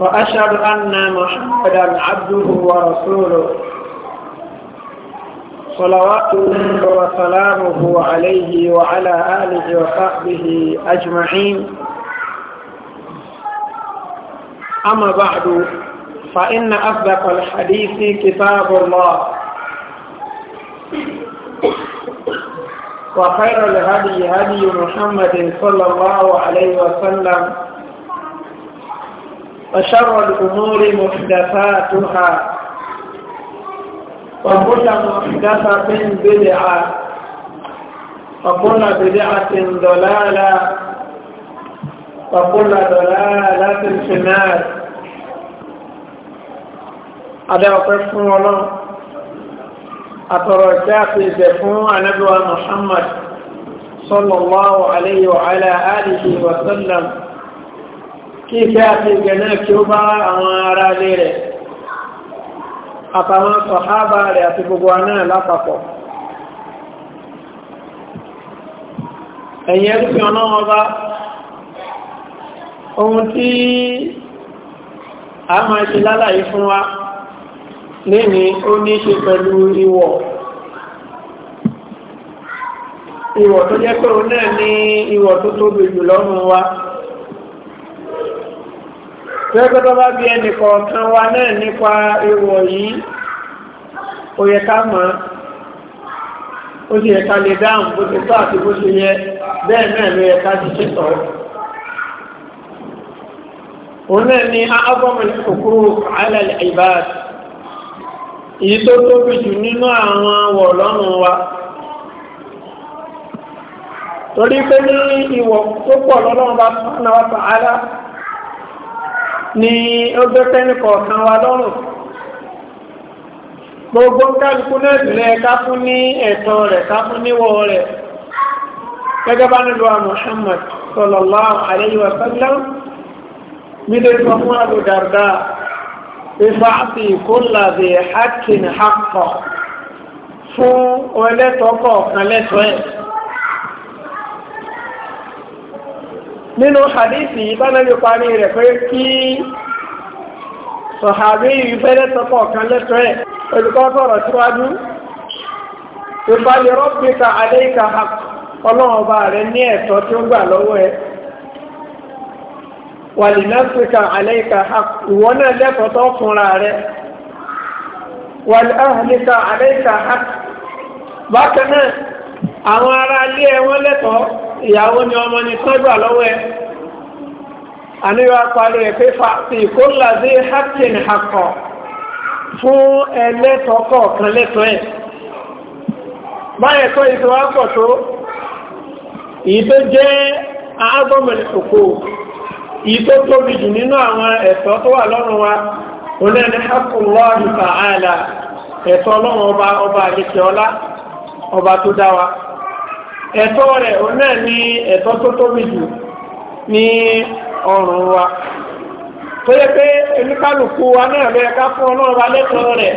وأشهد أن محمدا عبده ورسوله صلوات الله وسلامه عليه وعلى آله وصحبه أجمعين أما بعد فإن أصدق الحديث كتاب الله وخير الهدي هدي محمد صلى الله عليه وسلم وشر الأمور محدثاتها وكل محدثة بدعة وكل بدعة ضلالة وكل ضلالة في النار هذا وقفهم الله أتركات الزفون نبوى محمد صلى الله عليه وعلى آله وسلم kí ìfẹ́ àti ìgẹ̀ náà kí ó bá àwọn ará ilé rẹ̀ àtàwọn sọ̀hábà rẹ̀ àti gbogbo náà lápapọ̀ ẹ̀yìn ẹ̀rùfẹ́ ọ̀nà ọba ohun tí a máa ṣe lálàyé fún wa lẹ́ni ó ní ṣe pẹ̀lú ìwọ̀ ìwọ̀ tó jẹ́ pé òun náà ní ìwọ̀ tó tóbi jù lọ́rùn wa. tẹ́gbẹ́ tó bá bí ẹnì kọ̀ọ̀kan wa náà nípa ìwọ̀ yìí ó yẹ ká mọ̀ ó sì yẹ ká lè dáhùn bó ti tó àti bó yẹ bẹ́ẹ̀ náà ló yẹ ká ṣiṣẹ́ tọ̀ òun náà ni kòkòrò èyí tó wa torí pé ní ìwọ̀ tó pọ̀ bá fún àwọn ni ó gbé fẹ́ni kọ̀ọ̀kan wa lọ́rùn gbogbo kálukú náà lẹ ká fún ní ẹ̀tọ́ rẹ̀ ká fún níwọ̀ rẹ̀ gẹ́gẹ́ bá nílò Muhammad sallallahu alayhi wa sallam mídèjì wọn fún Abu Darda ìfàáfì kulla dhi haqqin haqqahu fún ọlẹ́tọ̀ọ́ kọ̀ọ̀kan lẹ́tọ̀ọ́ nínú hadithi yìí parí rẹ̀ pé kí sọ̀hàbí yìí fẹ́lẹ́ kan lẹ́tọ́ ẹ̀ olùkọ́ sọ̀rọ̀ síwájú ìfàlẹ̀ rọ́pìta àdéhìkà ọlọ́ọ̀bá rẹ̀ ní ẹ̀tọ́ tí ó gbà lọ́wọ́ ẹ̀ wàlìlẹ́fìkà àdéhìkà ìwọ náà lẹ́kọ̀ọ́ tó fúnra rẹ̀ wàlìlẹ́fìkà àdéhìkà bákan àwọn ará ìyàwó ni ọmọ ni sọ́gbà àlọ́wọ́ ẹ àníwá parí ẹ̀ pé fàtí kó làdé hakin hakọ̀ fún ẹlẹ́tọ̀ọ́ kọ̀ọ̀kan lẹ́tọ̀ọ́ ẹ̀ báyẹ̀ tó ìtọ́ wápọ̀ tó yìí tó jẹ́ àágọ́mọ̀lẹ̀ òkú tó tóbi jù nínú àwọn ẹ̀tọ́ tó wà lọ́rùn wa onẹ́ni hakullahi ta'ala ẹ̀tọ́ ọlọ́run ọba ọba àlekẹ́ ọlá ọba tó dá wa ẹ̀tọ́ rẹ̀ òun náà ní ẹ̀tọ́ tó tóbi jù ní ọrùn wa tó yẹ pé oníkálùkù wa náà bẹ ká fún ọlọ́run wa lẹ́tọ̀ọ́ rẹ̀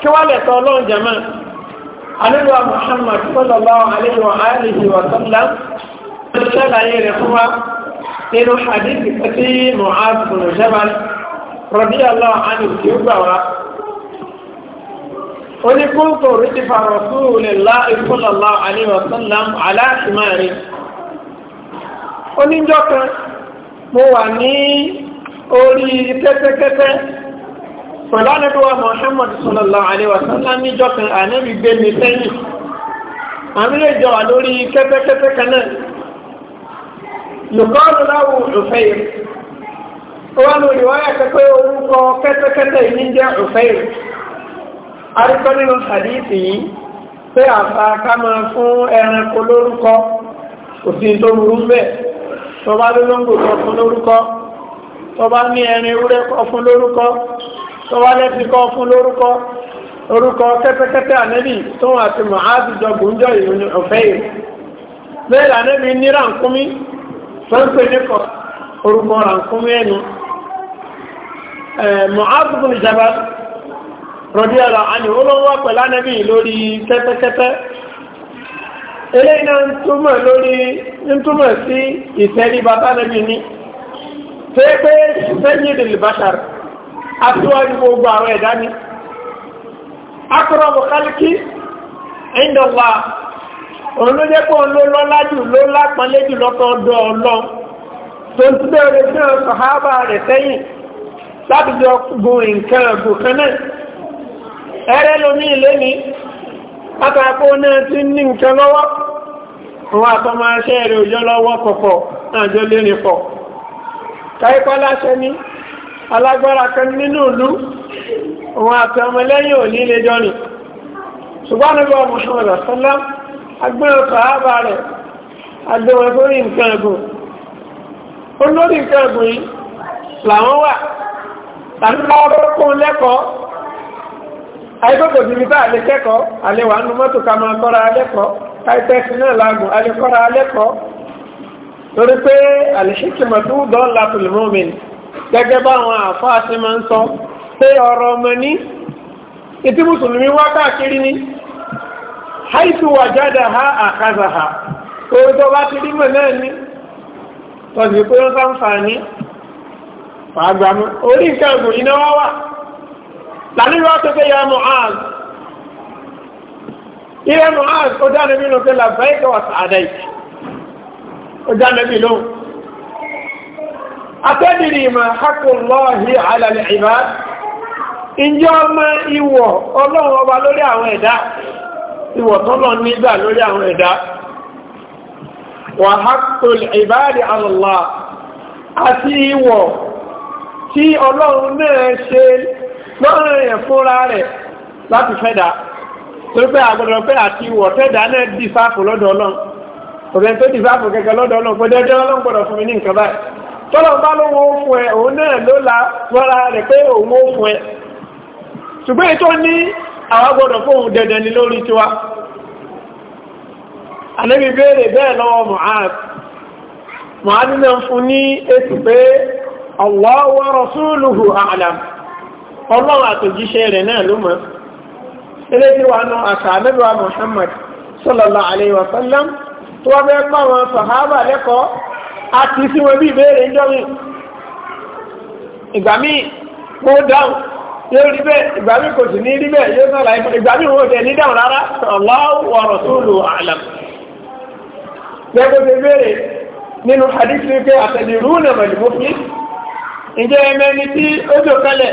kí wá lẹ́tọ̀ọ́ ọlọ́run jẹ̀mọ́ àlejò Muhammad sallallahu alaihi wa alihi tó ṣàlàyé rẹ̀ fún wa nínú hadith tí Mu'adh bin Jabal radiyallahu anhu tí ó gbà wá oníkóńtò rìdìfà rọ̀súùlélá ìfúnlọ́lá àníwọ̀sánlám aláṣìmáàrí oníjọ́ kan mo wà ní orí kẹ́tẹ́kẹ́tẹ́ pẹ̀lú anẹ́bíwá Muhammad sọlọ́lá àníwọ̀sánlám níjọ́ kan ànẹ́bí gbé mi sẹ́yìn àmì lè jọ wà lórí kẹ́tẹ́kẹ́tẹ́ kan náà lùkọ́ọ̀lù láwù Ufayr ó wà lórí wáyà kẹ́kẹ́ orúkọ kẹ́tẹ́kẹ́tẹ́ aríkọ́ nínú hadithi yìí pé àṣà ká máa fún ẹranko lórúkọ òfin tó burú bẹ́ẹ̀ tó bá lólóńgbò kọ fún lórúkọ tó bá ní ẹrin ewúrẹ́ kọ fún lórúkọ tó bá lẹ́sìn kọ fún lórúkọ orúkọ kẹ́tẹ́kẹ́tẹ́ ànẹ́bì tó wà ti mọ̀ á ti jọ gùnjọ ìròyìn ọ̀fẹ́ yìí bẹ́ẹ̀ lànẹ́bì ní ràǹkúmí tó rọ̀dí ẹ̀rọ pẹ̀lú anẹ́bí lórí kẹ́tẹ́kẹ́tẹ́ eléyìí náà ń lórí ń sí ìfẹ́rí bàbá anẹ́bí ní pépé sẹ́yìn ìdìlìbáṣàr gbogbo àwọn ẹ̀dá ni akọrọ̀bù kálíkì ẹ̀ńdọ̀wà òun ló jẹ́ pé ọlọ́ ẹ̀rẹ́ lómi ilé ní pátákó náà ti ní nǹkan lọ́wọ́ wọn àtọmọ aṣẹ́ rẹ̀ òjò lọ́wọ́ kọ̀kọ̀ àjọ lérin pọ̀ káíkọ́ láṣẹ ní alágbára kan nínú ìlú wọn àti ọmọlẹ́yìn òní lè jọ ṣùgbọ́n nígbà Muhammad sallam àìkókò síbi tá àlè kẹ́kọ̀ọ́ àlè wà nù mọ́tò ká máa kọ́ra alẹ́kọ̀ọ́ àìtẹ́sí náà lágùn àlè kọ́ra alẹ́kọ̀ọ́ torí pé àlèṣíkìmọ̀ tó dọ́ọ̀lá tòlùmọ́mìn gẹ́gẹ́ báwọn àfáà sí máa ń sọ pé ọ̀rọ̀ ọmọ ní ìtí mùsùlùmí wá káàkiri ní haitu wà jáde ha àkàzà ha orí tó bá ti rí mọ̀ náà ní tọ́jú pé wọ́n lànàbí wa tó fẹ́ yà Mu'az ìyá Mu'az ó dá nàbí ló fẹ́ labbaika wa sa'adaika ó dá nàbí ló. atadri ma haqqullahi 'ala al-'ibad ǹjẹ́ ọmọ ìwọ̀ ọlọ́run ọba lórí àwọn ẹ̀dá ìwọ̀ tọ́lọ nígbà lórí àwọn ẹ̀dá wa haqqul ibadi 'ala Allah àti ìwọ̀ tí ọlọ́run náà ṣe lọ́rùn rẹ̀ fúnra rẹ̀ láti fẹ́dà tó pé àgbọ̀dọ̀ pé àti ìwọ̀ fẹ́dà náà dì fáàfù lọ́dọ̀ ọlọ́run òbẹ̀n tó dì kẹ̀kẹ́ lọ́dọ̀ ọlọ́run pé ọlọ́run gbọ́dọ̀ fún mi ní nǹkan báyìí tọ́lọ̀ bá fún ẹ òun náà ló la fúnra rẹ̀ pé òun ó fún ẹ ṣùgbọ́n ní gbọ́dọ̀ fóun dẹ̀dẹ̀ ni lórí ọlọ́run àtòjíṣẹ́ rẹ̀ náà ló mọ̀ eléyìí wà nù àṣà àlẹ́bíwá Muhammad sallallahu alaihi wa sallam tó wá bẹ́ẹ̀ pa àwọn sàhábà lẹ́kọ̀ọ́ àti sí wọn bí ìbéèrè ń jọ́rin ìgbà míì kó dáhùn yóò rí bẹ́ẹ̀ ìgbà míì kò sì ní rí bẹ́ẹ̀ yóò sọ̀rọ̀ àìfọ́ ìgbà àtẹ̀lẹ̀ rúùnà mọ̀lẹ́mọ́fí ǹjẹ́ ẹ̀mẹ́ni tí ó jò kalẹ̀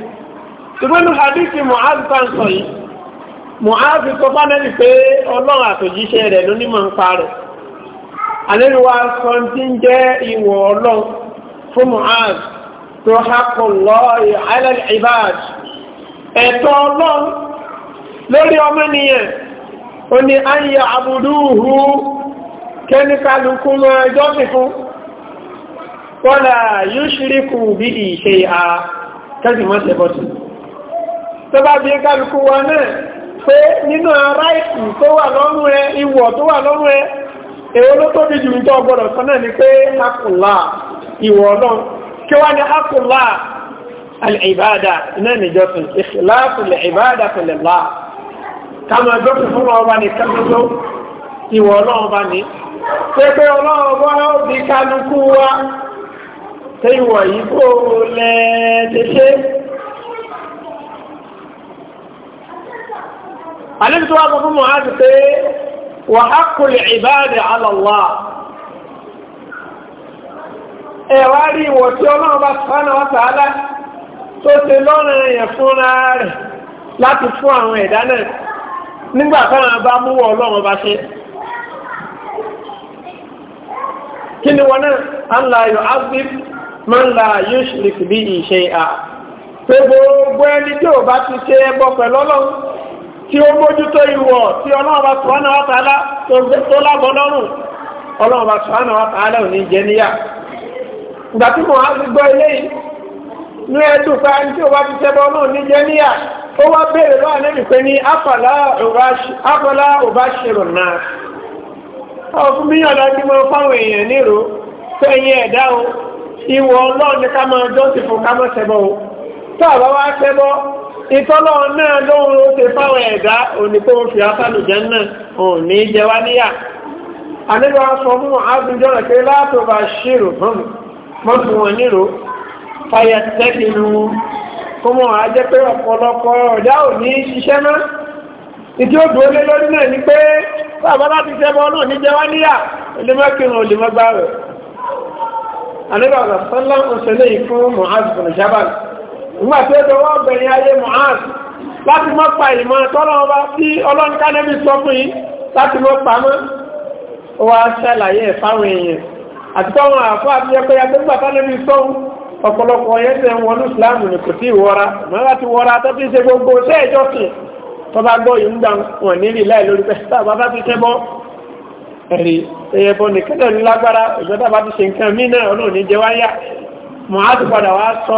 ṣùgbọ́n ní hadithi Mu'adh bá ń sọ yìí Mu'adh tó bá nẹ́bi pé ọlọ́run àtòjíṣẹ́ rẹ̀ ló ní mọ̀ ń pa rẹ̀ àlẹ́lúwa sọ tí ń jẹ́ ìwọ̀ ọlọ́run fún Mu'adh tó hákọ̀ lọ́ọ̀rì alẹ́lẹ́ibáàd ẹ̀tọ́ ọlọ́run lórí ọmọnìyàn ó ní ayé àbúdúhù kẹ́níkàlùkù mọ́ ẹjọ́ fífún wọ́n là yóò ṣírí bí ìṣe à kẹ́sìmọ́sẹ̀ bọ́tù tó bá bí kálukú wa náà pé nínú ara ìkù tó wà lọ́rùn ẹ ìwọ̀ tó wà lọ́rùn ẹ èwo ló tóbi jù tó gbọdọ̀ sọ náà ni pé akùnlá ìwọ̀ ọlọ́run kí wá ní akùnlá alìbáadà náà nìjọsìn ikhlasul ìbáadà lillah káàmà gbẹ́kù fún ọba ní kájọ́jọ́ ìwọ̀ ọlọ́run bá ní pépé ọlọ́run bá bí kálukú wa tẹ́wọ̀ yìí kó lẹ́ẹ̀ẹ́dẹ́ṣẹ́ àlejò tó wà fún fún muhammed pé wà á kúlẹ̀ ìbáàdì alọ́lá ẹ rí ìwọ̀ tí ọlọ́run bá sọ́nà wá sàálà tó ṣe lọ́rùn yẹn fúnra rẹ̀ láti fún àwọn ẹ̀dá náà nígbà táwọn bá múwọ́ ọlọ́run bá ṣe. kí ni wọn náà an la la gbogbo ẹni tí ò bá ti ṣe tí ó mójútó ìwọ̀ tí ọlọ́ọ̀bá sùhánà wà tó lábọ̀ lọ́rùn ọlọ́ọ̀bá sùhánà wà ò ní jẹ níyà. ìgbà tí mo á fi gbọ́ ní ẹ̀dùn pa ẹni tí ó bá ti tẹ́bọ̀ náà ní jẹ níyà ó wá bèèrè lọ́wọ́ pé ní náà. ọ̀ fún mi yàn ìtọ́lọ́ náà lóhun ó ṣe fáwọn ẹ̀dá òní pé ó fi náà òní jẹ wá níyà sọ mú àbújọ́ rẹ̀ pé látò bá ṣírò mọ́tò wọn nílò fàyẹ̀ tẹ́kìlú kó mọ̀ á jẹ́ pé ọ̀pọ̀lọpọ̀ ọ̀dá ṣiṣẹ́ náà ìdí ó dúró lé lórí náà ni pé bàbá láti náà ní nígbà tí ó dọwọ́ ọgbẹ̀yìn ayé Mu'az láti mọ́ pa ìmọ̀ tọ́lọ́wọ́ bá tí ọlọ́run kánẹ́bí sọ fún yìí láti mọ́ pa mọ́ ó wá ṣàlàyé ẹ̀ fáwọn èèyàn àti tọ́wọ́n àfọ́ àbíyẹ pé yàtọ̀ nígbà tánẹ́bí sọ́hún ọ̀pọ̀lọpọ̀ yẹn tẹ̀ ń wọnú ìsìláàmù ní kò tí ì wọra mọ́ra ti wọra tó ti ṣe gbogbo iṣẹ́ ìjọsìn tó bá gbọ́ nìkan náà lágbára ìjọba bá ti ṣe nǹkan mí náà ọlọ́run ní jẹ́ wáyà mọ́ á ti padà wá sọ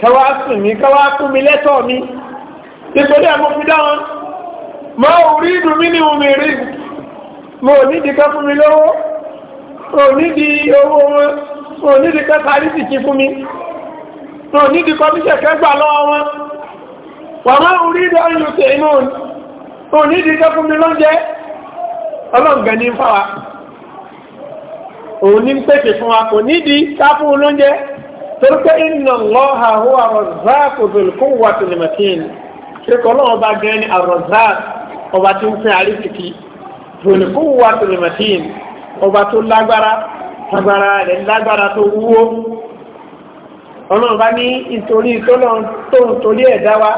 kẹwàá sùn mí kẹwàá kú mi lẹ́tọ̀ mi nítorí àmọ́ fi dá wọn orí ìdùn mí ni omi rí mo ò nídìí ká fún mi lówó mo ò nídìí owó wọn mo ò nídìí ká sáré sì kí fún mi mo ò nídìí kọ́míṣẹ̀ kẹgbà lọ́wọ́ wọn wà má orí ìdùn ọ̀yọ́ tẹ̀ inú òní mo ò nídìí ká fún mi lóúnjẹ ọlọ́ǹgẹ̀ ní fáwa òun ní pèsè fún wa kò nídìí ká fún olóúnjẹ torípé inna Allaha huwa ar-razzaqu dhul quwwati al-matin kíríkọ́ náà ọba gẹ́ni ar-razzaq ọba tí ń fẹ́ àríkìkì dhul quwwati al-matin ọba tó lágbára agbára rẹ̀ lágbára tó wúwo ọlọ́run bá ní ìtorí tóun torí ẹ̀dá wa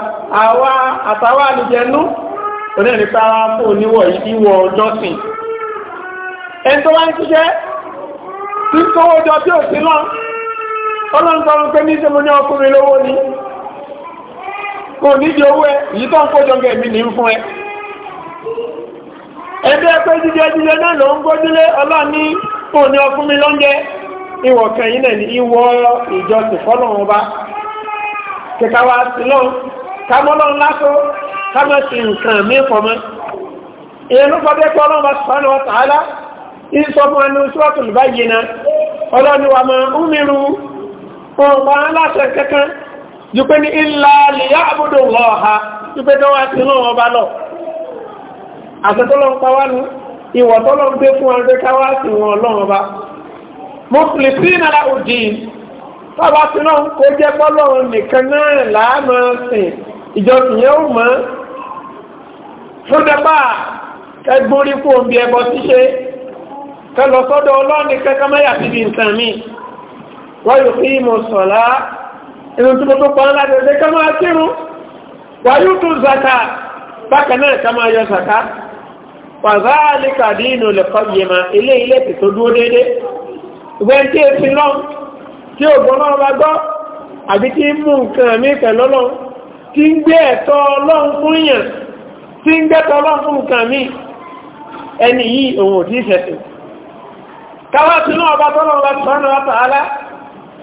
àwa àtàwà àlùjẹnú onẹ́ni fún oníwọ̀ ìwọ̀ ọjọ́sìn ẹni tó wá ń ṣiṣẹ́ tí kówó jọ tí ò sí náà ọlọ́nkọ́run pé ní sẹ́mo ní ọkùnrin lówó ni kò nídìí owó ẹ èyí tó ń kójọ ń gẹ̀ ní fún ẹ. ẹgbẹ́ pé jíjẹ jíjẹ náà ló ń gbójúlé ọlọ́ọ̀ni kò ní ọkùnrin lóúnjẹ ìwọ̀ kẹyìn náà ní ìwọ ìjọsìn fọ́lọ́run bá kíkà wá sí kámọ́ sí nǹkan fọmọ́ ìyẹn ló ọlọ́run bá ẹnu náà wọn bá aláṣẹ kankan ju pé ní ilá lìyá àbúdò lọ ha ju pé dánwà sí náà wọn bá lọ àṣẹ tó lọ ń pa wá nu ìwọ̀ tó lọ ń gbé fún wọn pé káwá sí wọn lọ́wọ́ bá mo pè sí náírà òdì bàbá sí náà kó jẹ́ pọ́lọ́run nìkan náà láàmú sìn ìjọsìn yẹn ò mọ́ fún dẹ́pà kẹgbórí fún òbí ẹbọ ṣíṣe kẹlọ sọ́dọ̀ ọlọ́ọ̀nì wọ́n yóò fi ìmọ̀ sọ̀lá inú tó tó pọ̀ láti ẹ̀dẹ́ ká máa kírun wà yóò tún zaka bákan náà ká máa yọ zaka wàzá àlíkà dínú lẹ́kọ́ yìí ma ilé ilé ti tó dúró déédéé ìgbẹ́ tí èsì lọ́n tí ògbọ́n náà bá gbọ́ àbí tí ń mú nǹkan mi pẹ̀lú lọ́n tí ń gbé ẹ̀tọ́ lọ́n fún yàn tí ń gbẹ́tọ́ lọ́n fún nǹkan mi ẹni yìí òun ò tí ì ṣẹ̀sìn káwá sínú ọba tọ́lọ́ ọba tọ́lọ́ ọba tààlà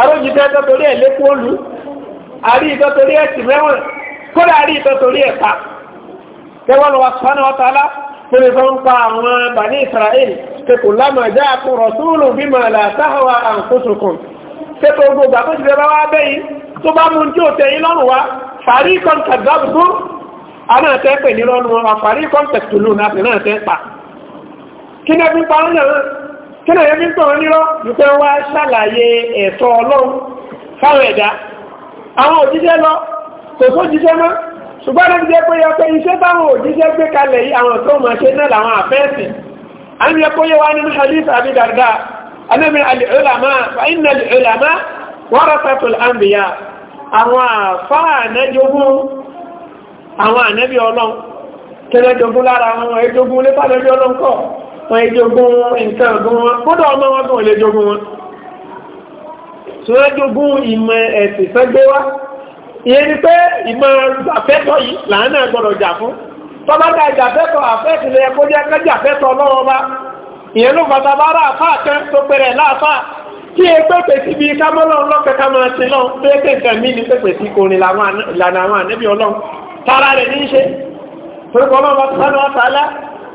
arójìtẹ́ tó torí ẹ̀ lékún olú àrí ìtọ́ torí ẹ̀ sì mẹ́wọ̀n kódà àrí ìtọ́ torí ẹ̀ pa kẹwọ́n lọ́wọ́ sọ́nà ọ̀tá lá fúnni tó ń pa àwọn bàní Israel pé kò lámà já kó rọ̀túùlù bí màlà táwọn àǹkóṣokùn pé kò gbogbo àkóṣe bá wá bẹ́yìn tó bá mú tí ò tẹ̀yìn lọ́rùn wá fàrí kọ́ńtà dábùkú àwọn àtẹ́pẹ̀ ní lọ́rùn wọn fàrí kọ́ńtà tùlù náà sì náà tẹ́ pa kí ni ẹbí pa ọ́n náà kí ló yẹ kí n tọ̀ nírọ́ wípé wá ṣàlàyé ẹ̀tọ́ ọlọ́run fáwọn ẹ̀dá àwọn òjíṣẹ́ lọ kò tó jíṣẹ́ mọ́ ṣùgbọ́n ló jẹ́ pé iṣẹ́ òjíṣẹ́ gbé kalẹ̀ yìí àwọn tó ṣe náà làwọn àfẹ́ẹ̀sì yẹ kó yẹ wá nínú àbí dàrdà anẹ́mi fàínà àwọn wọ́n lè jogún nǹkan ọ̀gbọ́n wọn kódà ọmọ wọn tó wọ́n lè jogún wọn tí wọ́n jogún ìmọ̀ ẹ̀sìn sẹ́gbé wá ìyẹn ni pé ìmọ̀ àfẹ́tọ̀ yìí làánà gbọ́dọ̀ jà fún tọ́lọ́dà ìjàfẹ́tọ̀ àfẹ́tìlẹ̀ ẹ̀kọ́ jẹ́ kájàfẹ́tọ̀ lọ́wọ́ bá ìyẹn ló fata bá rà àfáà kan tó pẹ̀rẹ̀ láàfáà kí e pèpè síbi kámọ́lọ́ lọ́pẹ́ kámọ́ ti lọ pé kéǹkan mí ni pèpè sí korin ìlànà àwọn ànẹ́bí ọlọ́run tara rẹ̀ ní í ṣe torí kọ́ ọlọ́run bá tó sánú àtàlá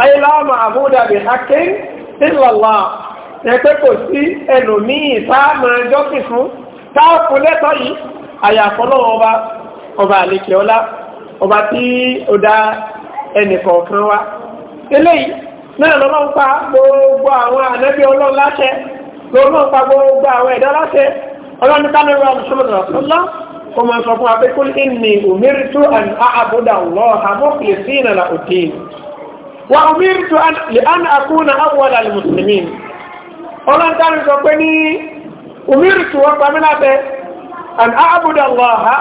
ayé láàmà àbúdàbí akéń ìlọ̀lá ẹgbẹ́ kò sí ẹlòmíì sáàmà jọ́sì fún táàkù lẹ́tọ̀ yìí àyàfọ́lọ́ ọba ọba àlekè ọlá ọba tí ó dá ẹnìkọ̀ọ̀kan wa eléyìí náà lọ́mọ́ ń pa gbogbo àwọn ànábì ọlọ́run láṣẹ lọ́mọ́ ń pa gbogbo àwọn ẹ̀dá láṣẹ ọlọ́run kánúrà mùsùlùmí kò máa sọ fún wa pé kúlì àbúdà lọ́ọ̀ àbúkìlì sí ìrìnà òtí wa umirtu an akuna awwala almuslimin ọlọ́n tàbí sọ pé ní umirtu wọ́n pàmí lábẹ́ an a'buda allaha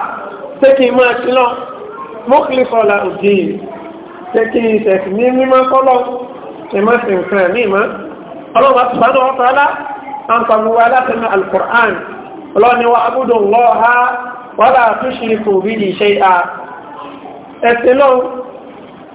tẹ́ kí mọ́ sílọ́ mọ́kìlífọ́lá òjì tẹ́ kí ìṣẹ̀sì ní mímọ́ kọ́lọ́ ìmọ́ sí nǹkan ní ìmọ́ ọlọ́wọ́ sùpánù ọ̀tọ́lá an pàmíwá látẹ̀mẹ́ alkùrán ọlọ́ni wa abudu allaha wala tushriku bihi shay'a ẹ̀sìn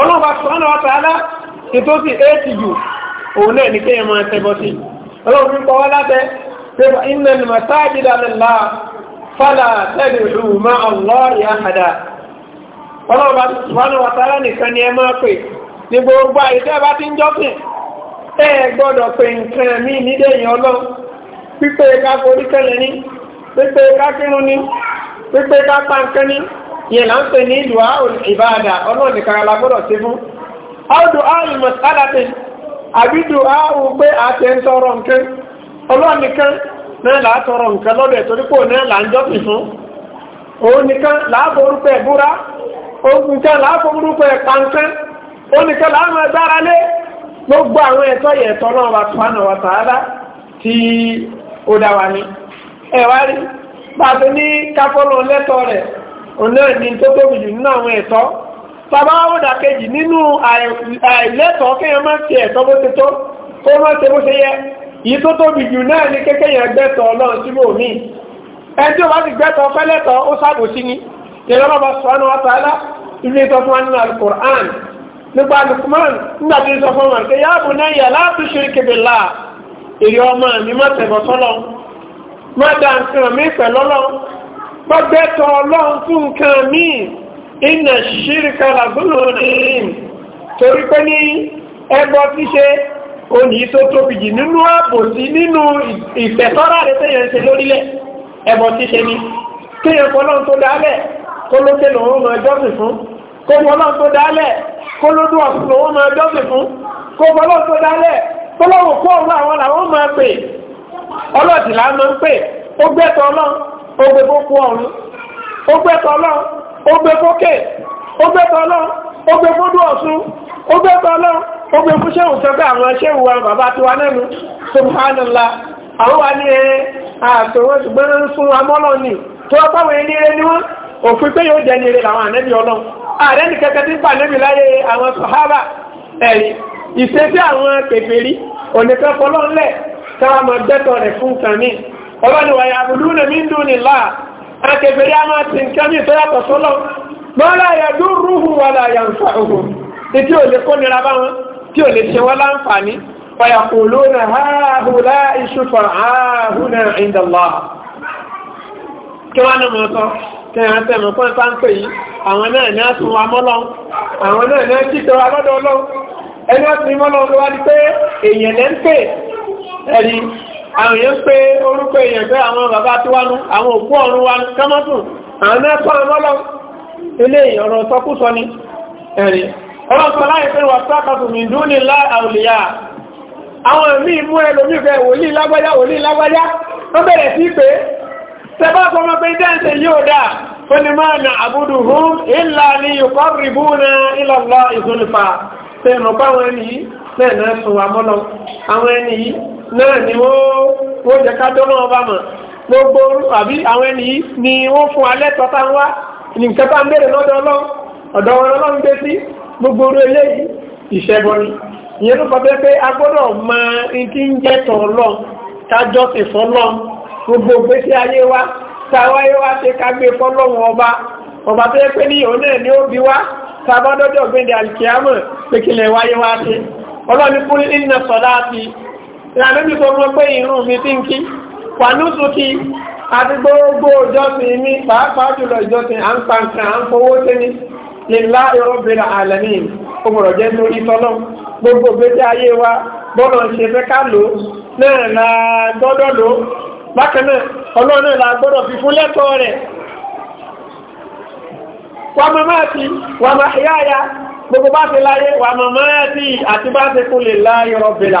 ọlọ́ọ̀bá sọ́nà wata alá ètò sí atù òun náà ní kéèyàn máa tẹ́bọ́ sí ọlọ́run ní pọ̀wọ́ látẹ́ pẹ̀lú iná ni masajida lẹ́la fàlà tẹ́lẹ̀ ìrùmọ́ ọlọ́ọ̀rì àhàdà ọlọ́ọ̀bá sọ́nà wata alá nìkan ni ẹ máa pè ní gbogbo àìsẹ́ bá ti ń jọ́sìn ẹ gbọ́dọ̀ pé yẹn là ń pè ní ìbáàdà la gbọ́dọ̀ ṣe fún ọdún àlùmọ̀ sálàtì àbí ìdùá pé a ti ń tọrọ nǹkan ọlọ́run náà là á tọrọ nǹkan lọ́dọ̀ torí pò náà là ń jọ́sìn fún òun nìkan làábò orúkọ búra òun nìkan làábò orúkọ pàǹkan òun náà ni tó tóbi jù nínú àwọn ẹ̀tọ́ tàbá àwọ̀dà kejì nínú àìlẹ́tọ̀ọ́ kéèyàn má ṣe ẹ̀tọ́ bó ṣe tó kó má ṣe bó ṣe yẹ yìí tó tóbi jù náà ni kékèyàn gbẹ́tọ̀ ọlọ́run síbò míì ẹni bá ti gbẹ́tọ̀ fẹ́lẹ́tọ̀ ó ṣàbòsí ni ìrọ́lọ́ sọ gbọ́gbẹ́tọ̀ ọlọ́run fún nǹkan míì iná ṣíríkà làbúrò rìn torí pé ní ẹgbọ́ tí ṣe òní tó tóbi jì nínú àbòsí nínú ìfẹ̀tọ́rà rẹ̀ tẹ́yẹ̀ ń ṣe lórílẹ̀ ẹbọ tí ṣe ní kéèyàn kọ́ lọ́n tó dálẹ̀ kó ló tẹ́ lòun mọ ẹjọ́ sì fún kó kọ́ lọ́n tó dálẹ̀ kó ló dún ọ̀sùn lòun mọ ẹjọ́ sì fún kó kọ́ lọ́n tó dálẹ̀ kó lọ́wọ́ kó òun àwọn làwọn máa pè ọlọ́ọ̀tì làwọn máa ń pè ó gbẹ́tọ̀ ọlọ́run ó gbé fókú ọ̀run ó gbé tọ́lọ́ ó gbé fókè ó gbé tọ́lọ́ ó gbé fódú ọ̀ṣun ó gbé tọ́lọ́ ó gbé fún ṣéhùn sọ́kẹ́ àwọn ṣéhùn wa bàbá tiwa lẹ́nu subhanallah àwọn wa ní ẹ àtòwọ́n ṣùgbọ́n ń fún amọ́lọ́ ni tó wọ́n pàwọn ẹni rẹ ni wọ́n òfin pé yóò jẹ́ ní rẹ làwọn ànẹ́bí ọlọ́run ààrẹ ní kẹ́kẹ́ tí ń pa ànẹ́bí láyé àwọn sọ̀hábà ẹ̀rí ìṣe tí àwọn kèfèrí òníkan fọlọ́ńlẹ̀ káwọn mọ̀ dẹ́tọ̀ rẹ̀ fún kàn ní ọba ni wàyà àbúrú nà mí dùn nílá akẹfẹrí a máa ti nǹkan mi sọ́yàtọ̀ sọ́lọ́ mọ́lá yà dùn rúhù wà là yà ń fa òhùn ní tí ò lè kó nira bá wọn tí ò lè ṣe wọn láǹfààní wàyà kò lónà háhùlá ìṣùfà háhùnà ìdàlá kí wọ́n nà mọ̀ sọ kí wọ́n tẹ̀ mọ̀ fún ìpáǹpẹ̀ yìí àwọn náà ní àtún wa mọ́lọ́ àwọn náà ní àtìkẹ́ wa lọ́dọ̀ ọlọ́ ẹni àtún mọ́lọ́ àwọn èèyàn pé orúkọ èèyàn pé àwọn bàbá tí wá nú àwọn òkú ọ̀run wá nú kámọ́tún àwọn mẹ́fà mọ́lọ ilé ọ̀rọ̀ sọkúsọ ni ẹ̀rí ọlọ́pàá láì pé wà sákàtù mi dún ní lá àwòlìyà àwọn ẹ̀mí mú ẹlòmí fẹ́ wòlíì lágbájá wòlíì lágbájá wọ́n bẹ̀rẹ̀ sí pé sẹ́bá fọmọ pé dáǹsẹ̀ yóò dáa ó ní máa na àbúdù hún ìlà ní ìkọ́ rìbú na ìlọ́lọ́ ìzúlùfà tẹ̀mọ̀ pàwọn ẹni yìí náà náà sùn àmọ́lọ àwọn ẹni yìí náà ni wọ́n jẹ ká dọ́nà ọba mọ̀ gbogbo àbí àwọn ẹni yìí ni wọ́n fún alẹ́ tọ́ta ń wá ní nǹkan ń bèèrè lọ́dọ̀ ọlọ́run ọ̀dọ̀ gbé sí gbogbo orí eléyìí ìṣẹ́bọ ni ìyẹn ló kọ́ bẹ́ẹ̀ pé a gbọ́dọ̀ mọ ìdí ń jẹ́ tọ̀ ọlọ́run kájọ́ gbogbo gbèsè ayé wa ṣe ọba ọba tó yẹ pé ní náà ni ó ìlànà bí sọ fún pé irun mi ti ń kí pànúsùkì àti gbogbo ìjọsìn mi pàápàá jùlọ ìjọsìn à ń pa nǹkan à ń fowó jẹ́ lórí tọ́lọ́ gbogbo ayé wa ṣe fẹ́ ká lò náà gbọ́dọ̀ lò bákan náà ọlọ́run náà gbọ́dọ̀ fi wa gbogbo ti wa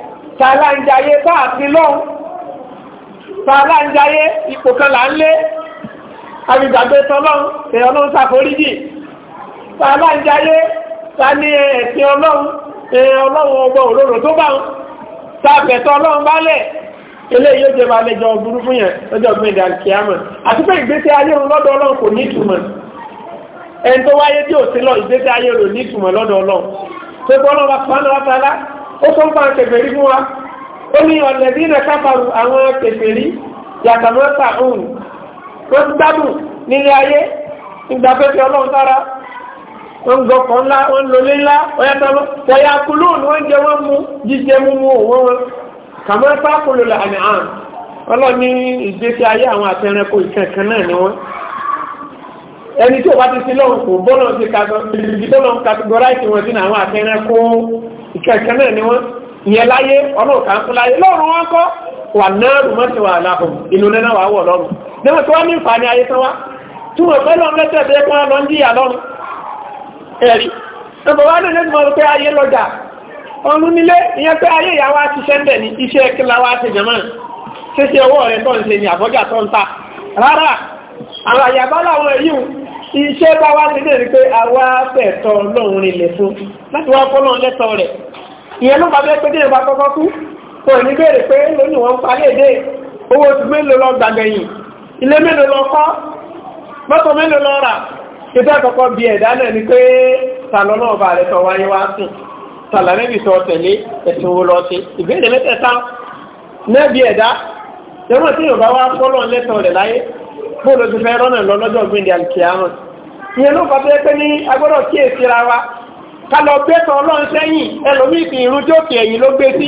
tààlà ń jayé báàfin lọ́hùn tààlà ń jayé ipò kan là ń lé àgbègbàgbé tọ́lọ́hùn tẹ̀ ọlọ́run ṣàforíjì tààlà ń jayé ta ní ẹ̀sìn ọlọ́run ẹ̀yìn ọlọ́run ọgbọ́n òróró tó bá ń tàbẹ̀tọ́ ọlọ́run bálẹ̀ eléyìí ó jẹ́ máa lẹ́jọ́ burú fún yẹn lọ́jọ́ ọ̀gbìn ìdàkíámọ̀ àti pé ìgbésí ayé òun lọ́dọ̀ ọlọ́run kò ní ìtumọ̀ ẹni tó wáyé tí ò sí lọ ìgbésí ayé rò ní ìtumọ̀ lọ́dọ̀ ọlọ́run tó gbọ́ ọlọ́run bá fún wa tààlà ó tó ń bá kèfèrí fún wa ó ní ọ̀lẹ́bí rẹ̀ káfàrù àwọn kèfèrí yàtọ̀ òun wọ́n ti gbádùn nílé ayé ìgbàfẹ́fẹ́ ọlọ́run sára wọ́n ń gọkọ̀ ńlá wọ́n ń lólé ńlá mú jíjẹ òun wọn kàmọ́ sákòlò làmì àrùn ọlọ́ni ìgbésí ayé àwọn àtẹrẹkọ ìkẹ̀kẹ́ náà ni wọ́n ẹni tí ò bá ti sí lọ́run kò bọ́lọ̀ ti kàtọ́ ìdí tó kàtọ́gọ́ráìtì wọn àwọn ìkẹ̀kẹ́ náà ni wọ́n ìyẹn láyé ọlọ́ọ̀ká ń fún láyé lọ́rùn wọn kọ́ wà náà rùmọ́tì wà láàbùn ìlú náà wà wọ̀ lọ́rùn níwọ̀n tó wá ní ìfàní ayé tán wá tí wọ́n fẹ́ lọ́rùn lẹ́tẹ̀ tẹ́ kọ́ lọ ń jíyà lọ́rùn ẹ̀rí ẹ̀bọ̀ wá lónìí tí wọ́n pé ayé lọ́jà ọ̀run nílé ìyẹn pé ayé ìyàwó àti sẹ́ńdẹ̀ ní iṣẹ́ kíláwá ti jẹ̀mọ́ ṣíṣe owó rẹ̀ tó ń ṣe ní àbọ́jà tó ń ta rárá àwọn àyàbá làwọn èyí iṣẹ́ bá wá sí lè rí pé àwa fẹ̀tọ́ lọ́run rinlẹ̀ fún láti wá fọ́lọ́run lẹ́tọ̀ rẹ̀ ìyẹn ló bá bẹ́ẹ̀ pé dínà bá kọ́kọ́ kú kò ní bèèrè pé lónìí wọ́n parí èdè owó ti mélòó lọ gbàgbẹ̀yìn ilé mélòó lọ kọ́ mọ́tò mélòó lọ rà ìtọ́ àkọ́kọ́ bí ẹ̀dá náà ni pé tàlọ́ náà bá rẹ̀ tọ́ wáyé wá sùn tàlà nẹ́bí sọ tẹ̀lé ẹ̀sìn wo lọ sí ìbéèrè mẹ́tẹ̀ẹ̀ta nẹ́bí ẹ̀dá tẹ́wọ́n tí yorùbá wá fọ́lọ́run lẹ́tọ̀ rẹ̀ láyé bóòlù ti fẹ́ rọ́nà lọ lọ́jọ́ gbìndì àlùkìyàmọ̀ ìyẹn ló fàbí ẹgbẹ́ ní agbọ́dọ̀ kí èsì ra wa kalọ̀ bẹ́tọ̀ ọlọ́run sẹ́yìn ẹlòmíì fi irú jókè ẹ̀yìn ló gbé sí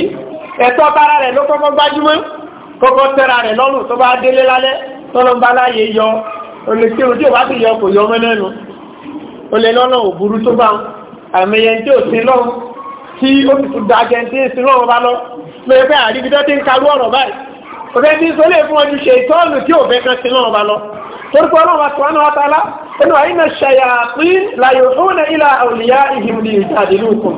ẹ̀tọ́ bára rẹ̀ ló kọ́kọ́ gbájúmọ́ kọ́kọ́ tẹ́ra rẹ̀ lọ́rùn tó bá délé lálẹ́ tí lọ ti ń òfẹ́ tí sọ lè fún ọdún ṣe ìtọ́ọ̀lù tí òfẹ́ kan sí náà bá lọ torípọ̀ ọlọ́wà tó wánú àtàlá ẹnu àyínà ṣàyàpín láyò fún ilà àwòlíyá ìhìmìlì ìjàdìlúkùn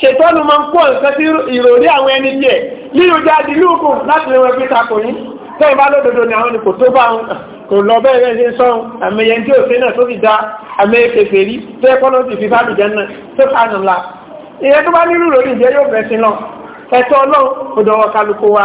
ṣètọ́nù máa ń pọ̀ nǹkan tí ìròrí àwọn ẹni díẹ̀ lílo ìjàdìlúkùn láti lè wọn fi takò yín tẹ́yìn bá lódodo ni àwọn nìkò tó bá wọn kò lọ bẹ́ẹ̀ bẹ́ẹ̀ ṣe ń sọ́run àmẹyẹ tí òfin náà tó fi da àmẹyẹ kẹfẹ́ rí tó ẹ̀kọ́ ló ti fi bá lùjẹ́ náà tó fà nù la ìyẹn tó bá nílùú lórí ìjẹ́ yóò bẹ̀ sí náà ẹ̀tọ́ ọlọ́run kò dọ̀wọ́ kálukú wa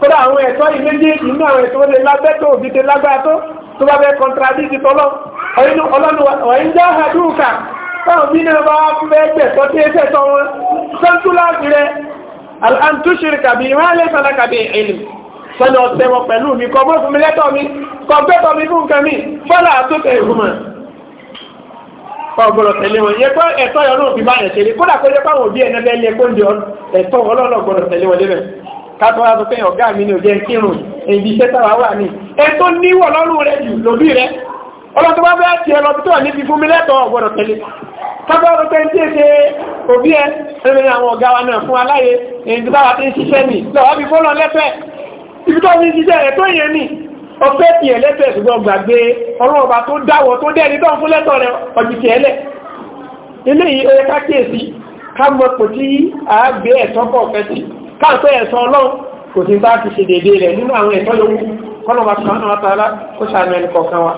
kódà àwọn ẹ̀tọ́ ìméjèèjì inú àwọn ẹ̀tọ́ lè lábẹ́ tó òbí tẹ lágbára tó tó bá bẹ́ kọntradíkì tọ́lọ́ ọ̀yìn já àdúrùkà táwọn bí náà bá fẹ́ gbẹ̀tọ́ tí ẹsẹ̀ sọ wọn sẹ́ńtúláàsì rẹ àtúnṣìrìkà bí wọ́n lè sọ́nà kàbí ìlú sọ́nà ọ̀sẹ̀ wọn pẹ̀lú mi kọ́ mọ́ fún mi lẹ́tọ̀ mi kọ́ gbẹ́tọ̀ mi fún nǹkan mi fọ́lá àtúntẹ̀ ìhùmọ̀ ọgbọ̀rọ̀ tẹ̀lé wọn yẹ pé ẹ̀tọ́ yọ náà fi bá yẹn ṣeré kódà kó yẹ pé àwọn òbí ẹ̀ náà bẹ́ẹ̀ lé kóńjọ ẹ̀tọ́ ọlọ́ọ̀lọ́ gbọ́dọ̀ tẹ̀lé wọn lébẹ̀ kátó wá sọ pé ọ̀gá mi ni ò jẹ́ kírun èyí iṣẹ́ táwa wà ní ẹ tó níwọ̀ lọ́rùn rẹ jù lóbi rẹ ọlọ́tọ́ bá bẹ́ẹ̀ tiẹ̀ lọ tó níbi fún mi lẹ́tọ̀ọ́ ọ̀gbọ́dọ̀ tẹ̀lé kátó wá sọ pé tí èsè òbí ẹ ẹgbẹ́ àwọn ọ̀gá wa náà fún aláyé èyí tó bá ti ń ṣiṣẹ́ nì lọ́wọ́ bí fọ́nà lẹ́fẹ̀ ibi tó ti ń ṣiṣẹ́ rẹ̀ tó yẹ nì ọ̀fẹ́ tiẹ̀ lẹ́fẹ̀ ṣùgbọ́n gbàgbé ọlọ́ọ̀bà tó dáwọ̀ tó dẹ́ni tó ń fún lẹ́tọ̀ rẹ̀ ọ̀jì tiẹ̀ lẹ̀ eléyìí ó yẹ ká kíyèsí ká mọ̀ pò tí a gbé ẹ̀tọ́ kọ̀ọ̀fẹ́ sí káàpẹ́ ẹ̀sọ́ ọlọ́run kò sí bá ti ṣe dédé rẹ̀ nínú àwọn ẹ̀tọ́ yòówù kọ́lọ́wà sọ́nà àtàlá kó sàmì ẹnì kọ̀ọ̀kan wa.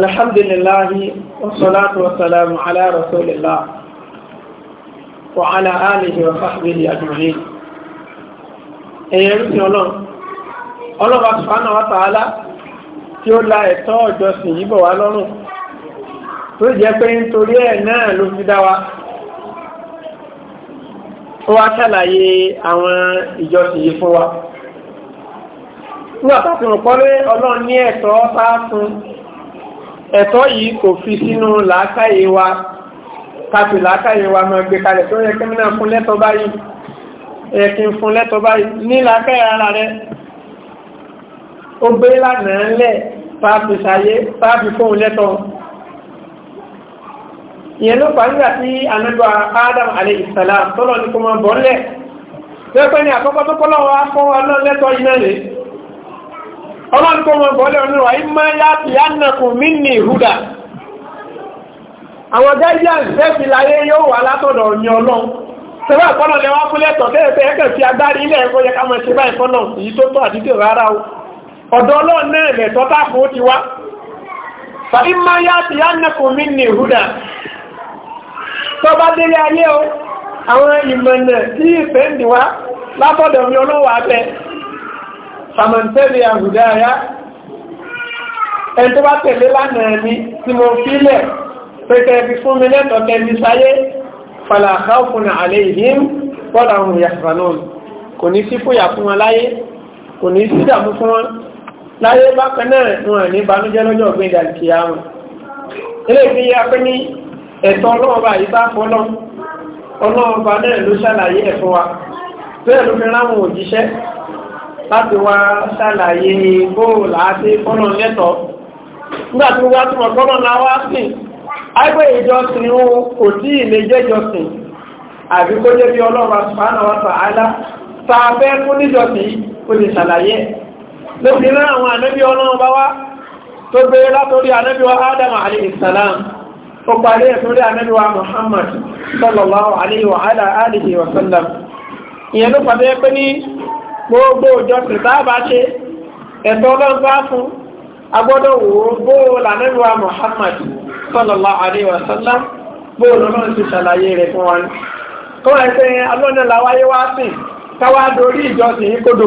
الحمد لله والصلاة والسلام على رسول الله وعلى آله وصحبه أجمعين ẹ̀yẹ rúfin ọlọ́run ọlọ́ba subhanahu wa ta'ala tí ó la ẹ̀tọ́ ọ̀jọ̀sìn yìí bọ̀ wá lọ́rùn tó jẹ́ pé nítorí ẹ̀ náà ló fi dá wa ó wá ṣàlàyé àwọn ìjọsìn yìí fún wa nígbà tó fún ọpọlẹ ọlọ́run ní ẹ̀tọ́ bá fún ẹ̀tọ́ yìí kò fi sínú làákàyè wa làákàyè wa máa gbé kalẹ̀ tó yẹ fún lẹ́tọ́ ẹ̀kìn fún lẹ́tọ̀ báyìí nílàkẹ́ ara rẹ̀ ó gbé lànà ńlẹ̀ pàápì sàyé pàápì fóun lẹ́tọ̀ ìyẹn ló Adam alayhi salam tọ́lọ̀ ní kó máa bọ́ lẹ̀ ni àkọ́kọ́ tó kọ́lọ́ wa fọ́ wa náà lẹ́tọ̀ iná rẹ̀ ọlọ́run kó máa bọ́ lẹ̀ ọ̀nà wà mí ní ìhúdà àwọn fi láyé yóò wà látọ̀dọ̀ ọ̀nyọ́ ọlọ́run sẹ́wọ́n àkọ́nà lẹ wá fúnlẹ̀ tọ̀ tẹ́ẹ̀tẹ́ ẹ̀kẹ́ fi agbárí ilẹ̀ ẹ̀kọ́ yẹ ká mọ̀ ṣe báyìí fọ́nà èyí tó tọ́ àdídè rárá o ọ̀dọ̀ ọlọ́run náà lẹ̀ tọ́ táàkù ó ti wá fàbí máa yá ti yá nẹ́kùn mí ní ìhúdà tó bá délé ayé o fala khawfun alayhim wala hum yahzanun kò ní sí fòyà fún wọn láyé kò ní sí dààmú fún wọn láyé bákan náà wọn ní banújẹ́ lọ́jọ́ ọ̀gbìn ìdàlùkì àwọn eléyìí yá pé ní ẹ̀tọ́ ọlọ́ọ̀bà yìí bá fọ́ lọ́wọ́ ọlọ́ọ̀bà náà ló ṣàlàyé ẹ̀ fún wa bẹ́ẹ̀ ló fi ráwọn òjíṣẹ́ láti wá ṣàlàyé bóòlù àti fọ́nà lẹ́tọ̀ọ́ nígbà tí wọ́n túnmọ̀ fọ́nà náà wá agbé ìjọsìn ohun kò tí ilé jẹ́jọsìn àbí kó jẹ́ bí ọlọ́run subhanahu wa ta'ala tààfẹ́ fún níjọsìn kò lè ṣàlàyé lóbi rán àwọn ànábí ọlọ́run bá wá tó gbé látòrí ànábí wa Adam alayhi salam ó parí ẹ̀ torí wa Muhammad sallallahu alayhi wa sallam ìyẹn ló pàdé pé ní gbogbo ìjọsìn táàbà ṣe ẹ̀tọ́ ọlọ́run bá fún Muhammad sallallahu alaihi wa sallam bóòlù náà ti ṣàlàyé rẹ̀ fún wa ní. kọ́ ẹ pé alọ́nà làwáyé wá sìn káwá dorí ìjọsìn yìí kodò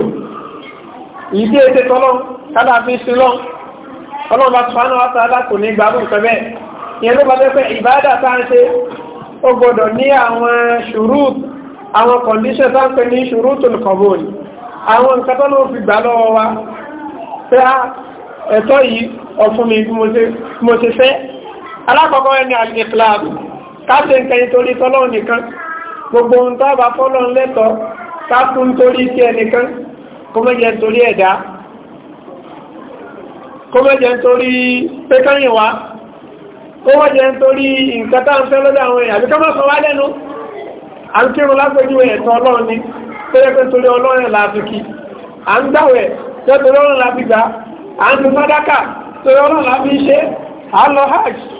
ìdí ètè tọ́lọ́ kádà fi sin lọ ọlọ́run bá sùpánù wá sáadà kò ní gbàgbọ́ nǹkan bẹ́ẹ̀ ìyẹn ló bá fẹ́ pé ìbáàdà tá à ń ṣe ó gbọ́dọ̀ ní àwọn ṣùrùt àwọn kọ̀ndíṣẹ̀ tá à ń pè ní ṣùrùtul qabul àwọn nǹkan tó ló fi gbà lọ́wọ́ wa pé ẹ̀tọ́ yìí ọ̀fun mi mo ṣe fẹ́ alákọ̀ọ́kọ́ ẹni alìkìláàbù káṣe nǹkan nítorí tọ́lọ́run nìkan gbogbo ohun tó bá fọ́lọ́run lẹ́tọ̀ọ́ káfún torí tí ẹnìkan kó mẹ́jẹ nítorí ẹ̀dá kó mẹ́jẹ nítorí pékányìnwá kó mẹ́jẹ nítorí nǹkan tá ń fẹ́ lọ́dọ̀ àwọn èèyàn àbíkọ́ mọ́ sọ wá lẹ́nu àbíkírun lápẹjú ẹ̀tọ́ ọlọ́run ni pẹ́yẹ́pẹ́ torí ọlọ́run láfikì à ń gbàwẹ̀ tẹ́tọ́ ọlọ́run láfigbà à ń fi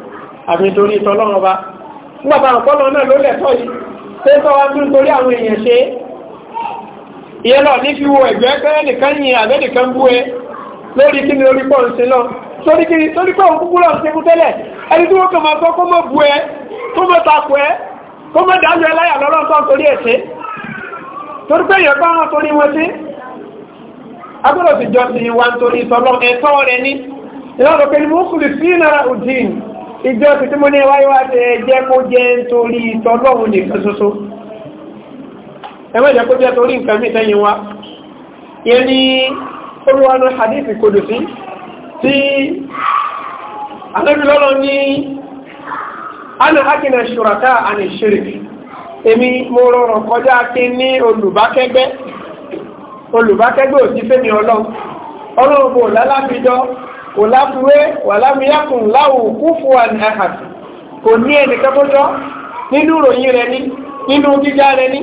àbí torí tọ́lọ́run ọba nígbàtà àpọ́lọ náà ló lẹ̀tọ́ yìí pé tọ́ wá tún torí àwọn èèyàn ṣe ìyẹn lọ ní fi wo ẹ̀gbẹ́ pé nìkan yin àbẹ́ nìkan bú ẹ lórí kí ni lórí pọ̀ ń ṣe lọ torí kí ni torí pọ̀ ń kúkú lọ ṣe kú tẹ́lẹ̀ ẹni tí wọ́n kàn máa sọ kó mọ̀ bú ẹ kó mọ̀ takò ẹ kó mọ̀ dájú ẹ láyà lọ́rọ́ sọ torí ẹ̀ ṣe torí pé èèyàn bá wọn torí wọn ṣe agbọ́dọ̀ ti jọ sí wa nítorí ìtọ́lọ́ ẹ̀tọ́ rẹ ní ìlànà pé ni mo kùlù sí ìnara òdìní ìjọ tuntun mú ní wáyíwá tẹ jẹ́ kó jẹ́ nítorí ìtọ́lọ́run nìkan ṣoṣo ẹ̀mẹ́jẹ̀ kó jẹ́ torí nǹkan mí tẹ́yìn wá yẹn ni olúwanu hadithi kudusi tí anábìlọ́lọ́ ní ana akina ṣùràká àni ṣíríkì èmi mo rọrọ kọjá kí ní olùbákẹ́gbẹ́ kò láfiwé wà lámiyàkùn láwù kúfùwà ní ahad kò ní ẹnìkan tó jọ nínú ìròyìn rẹ̀ ní nínú gíga rẹ̀ ní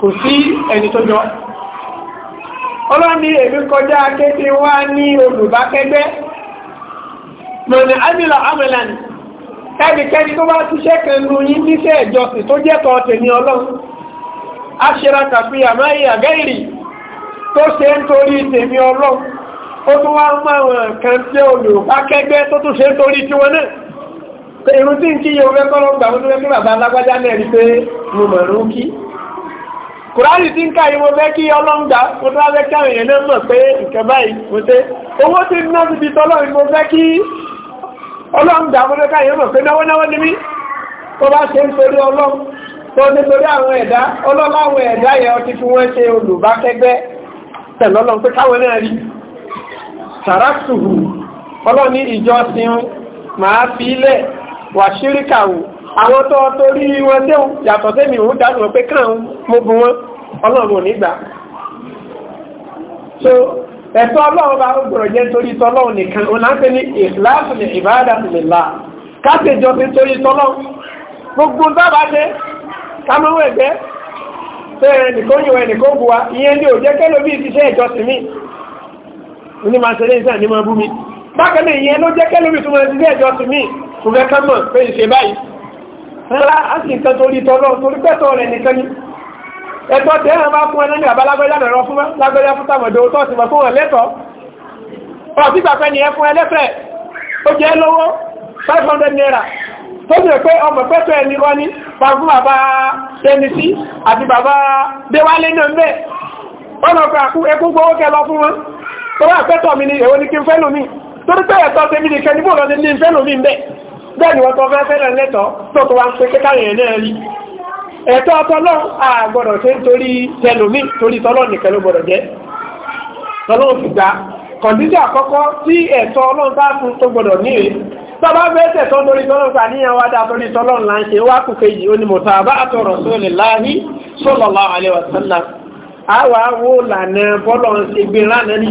kò sí ẹni tó jọ ọlọ́ni èmi kọjá akéde wá ní olùbákẹ́gbẹ́ mọ̀nà amílọ̀ amẹ́lán ẹnikẹ́ni tó bá túṣẹ́ kan lu yín níṣẹ́ ìjọsìn tó jẹ́ tọ́ tèmi ọlọ́run aṣèrà kàfíà máa yà tó ṣe ń torí tèmi ọlọ́run ó tún wá mọ́ àwọn kan tí olùbá kẹgbẹ́ tó tún ṣe torí tí wọ́n náà irun tí ń kí yóò fẹ́ kọ́lọ́ gbà wọ́n tó fẹ́ kí bàbá alágbájá náà rí pé mo mọ̀ ń kí kùránì tí ń ká yìí mo fẹ́ kí ọlọ́ngbà mo tó wá fẹ́ kí àwọn èèyàn náà mọ̀ pé nǹkan báyìí mo ṣe owó tí ń ná síbi tọ́lọ́run mo fẹ́ kí ọlọ́ngbà mo fẹ́ káyọ̀ mọ̀ pé náwó náwó ni mí tó bá ṣe ń torí ọlọ́run tó nítorí àwọn ẹ̀dá ọlọ́láwọn tàràtùhù ọlọ́ni ìjọsìn máa fi ilẹ̀ wà ṣíríkàwò àwọn tó torí wọn tẹ́hùn yàtọ̀ sẹ́mi òun dájú wọn pé kàn mo bu wọn ọlọ́run nígbà so ẹ̀tọ́ ọlọ́run bá gbọ́dọ̀ jẹ́ torí tọ́lọ́run nìkan òun láti ní ìhlásù ní ìbádàtù lillah kásìjọ sí torí tọ́lọ́run gbogbo bábá dé kámọ́wọ́ ẹ̀gbẹ́ fẹ́ẹ̀rẹ̀ mi ní máa ṣe léyìn ní máa bú mi bákan náà ìyẹn ló jẹ́ kẹ́lómi tó máa ṣiṣẹ́ ìjọ sí mi kò fẹ́ ká mọ̀ pé ìṣe báyìí rárá ni ẹgbọ́n tẹ́ ẹ̀ máa fún ẹ lẹ́nu àbá lágbẹ́lá mẹ́rọ tó sì mọ̀ ni ẹ fún ẹ lẹ́fẹ̀ẹ́ ó jẹ́ naira tó sì rẹ̀ pé ọmọ pẹ́tọ́ ẹ ní wọ́n ní fún bàbá tẹnisí àti bàbá déwálé náà ń bẹ̀ ọ̀nà ọkọ̀ àkú ẹkú gbowó kẹ lọ fún wọn tó wà pẹ́tọ̀ mi ni èwo ni kí n fẹ́ lómi torí pé ẹ̀tọ́ tẹ́mi ni kẹ́ni bóòlọ́ ni n fẹ́ lómi ń bẹ̀ bẹ́ẹ̀ ni wọ́n tọ́ fẹ́ fẹ́ràn lẹ́tọ̀ọ́ tó tó wá ń pe kéka yẹn náà rí ẹ̀tọ́ ọtọ́lọ́ àgbọ̀dọ̀ ṣe ń torí tẹlómi torí tọ́lọ́ nìkan ló gbọ́dọ̀ jẹ́ tọ́lọ́ òfin gbà kọ̀díjà àkọ́kọ́ tí ẹ̀tọ́ ọlọ́run bá fún tó gbọ́dọ̀ níwe tọ́ba bẹ́ẹ̀ tẹ̀tọ́ torí tọ́lọ́run pa níyàn wá dáa torí tọ́lọ́run là ń ṣe wá kù kejì ó ní mọ̀tà bá àtọ̀rọ̀ sóòlì láàrí sallallahu alaihi wasallam àwa wo lànà bọ́lọ̀ ṣe gbé lánàá ní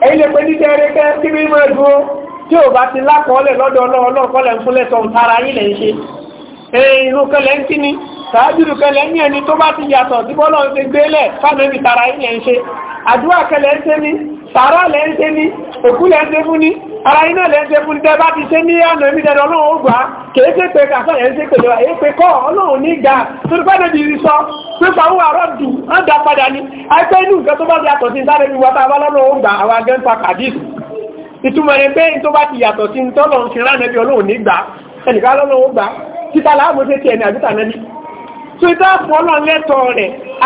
ẹ̀yìn lè pe ní kẹ́rẹ́kẹ́ kí bí mọ̀ dúró tí ò bá ti lákọọ́lẹ̀ lọ́dọ̀ ọlọ́run ń fúnlẹ̀ sọ tara yìí lẹ̀ ṣe inú kẹlẹ̀ ń kí ni tàájúdù kẹlẹ̀ ní ẹni tó bá ti yàtọ̀ tí ti gbélẹ̀ tara yìí ṣe àdúrà kẹlẹ̀ tààrà lẹ́ńtẹ́ ní òkú lẹ́ńtẹ́ fún ní ara iná lẹ́ńtẹ́ fún ní tẹ́ bá ti ṣe ní àná ẹ̀mí dẹ̀dọ̀ ọlọ́run ó gbà á kìí ṣe pé kàṣọ yẹn ṣe pèlè wa èyí pé kọ́ ọlọ́run ní gbà tó ní pẹ́ẹ́nì bìrì sọ pé pàwọ́ àrọ́ dù á dá padà ní àìpẹ́ inú nǹkan tó bá ti yàtọ̀ sí sáré mi wá tá a bá lọ́rùn ó gbà àwọn agẹ́ńpa kàdíìsì ìtumọ̀ rẹ̀ pé tó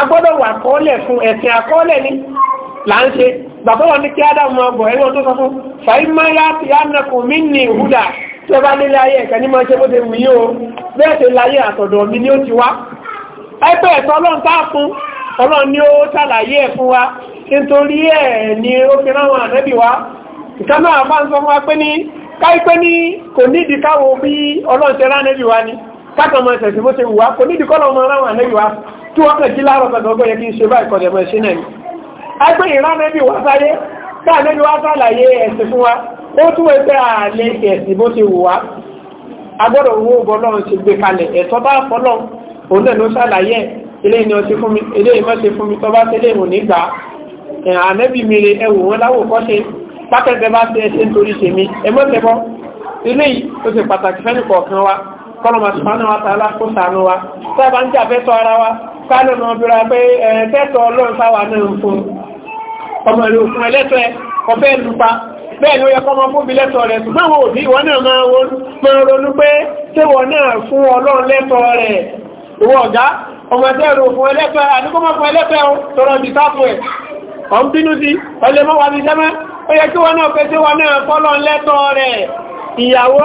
agbọ́dọ̀ wà kọ́ọ́lẹ̀ fún ẹ̀sìn àkọ́ọ́lẹ̀ ní là bàbá wọn ní kí adam máa bọ̀ ẹ̀rọ tó sọ fún fàímà láti ánàkùn mí ní ìhúdà tí ó bá nílé ayé ẹ̀kẹ́ ní máa ṣe bó ṣe wù yíò bẹ́ẹ̀ ṣe láyé àtọ̀dọ̀ mi ni ó ti wá ẹgbẹ́ ẹ̀tọ́ ọlọ́run tá fún ọlọ́run ni ó ṣàlàyé ẹ̀ fún wa nítorí ẹ̀ ni ó fi ráwọn ànẹ́bì wa ìkánná àbá ń sọ fún wa pé ní káípẹ́ ní kò nídi káwo bí ọlọ́run ṣe rán ànẹ́bì wa ni kákan agbé ìránẹ́bí wá sáyé káàlẹ́bí wá sàlàyé ẹ̀sìn fún wa ó tún ẹgbẹ́ ààlẹ́ ẹ̀sìn bó ti wù wá agbọ́dọ̀ owó bọ́lọ́run ti gbé kalẹ̀ ẹ̀tọ́ bá fọ́lọ́ òun náà ló ilé ni ọtí fún mi ilé ìmọ̀ ṣe fún mi tó bá tẹ́lẹ̀ ìwò nígbà ànẹ́bí mi rè ẹwù wọn láwò kọ́ṣe pákẹ́tẹ́ bá ṣe ẹṣẹ́ nítorí tèmi ẹ mọ́ tẹ́bọ́ ilé a bá ń kánà náà bíra pé ẹ̀ẹ́tẹ́tọ̀ ọlọ́run sáwà náà ń fún ọmọ ìlú òfin ẹlẹ́tọ̀ ẹ lupa bẹ́ẹ̀ ni ó yẹ kọ́mọ fún bí lẹ́tọ̀ rẹ̀ ṣùgbọ́n àwọn òbí ìwọ náà máa ronú pé ṣé wọ́n náà fún ọlọ́run lẹ́tọ̀ rẹ̀ ìwọ ọ̀gá ọmọ ẹgbẹ́ rò fún ẹlẹ́fẹ́ àdúgbọ́mọ́ fún ẹlẹ́fẹ́ o tọrọ bí sáfù ẹ̀ ọ̀n bínú sí ọlẹ́mọ́ wà ní jẹ́mẹ́ ìyàwó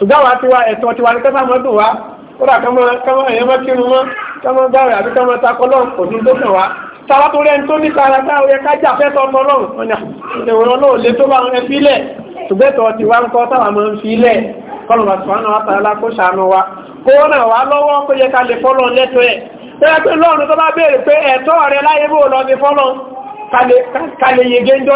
ṣùgbọ́n wa ti wá ẹ̀sùn ọtí wa ní kẹ́sà mọ́ dùn wa kódà kọ́mọ ẹ̀yẹ́ mọ́ kírun mọ́ kọ́mọ gbàwé àbí kọ́mọ takọ́ lọ́n kò ní tó kàn wá táwa tó rẹ́ni tó nípa ara táwọn yẹ ká jà fẹ́tọ̀ ọmọ lọ́rùn ọ̀nà ìwòrán náà lè tó bá wọn ẹ fílẹ̀ ṣùgbẹ́tọ̀ ti wá ń kọ́ táwọn máa ń fílẹ̀ kọ́lọ̀mọ̀ tó wọn wọn náà wá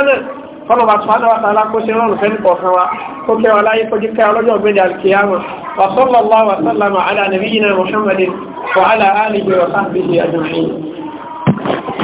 lọ́wọ́ kọlọ̀ bá sọ́dọ̀ wa tààlà kó ṣe rọrùn fẹ́ nìkọ̀ọ̀kan wa kó kẹwàá láyé kó kẹ́ ọlọ́jọ́ ọ̀gbẹ́ni alkiyama wa sallallahu wa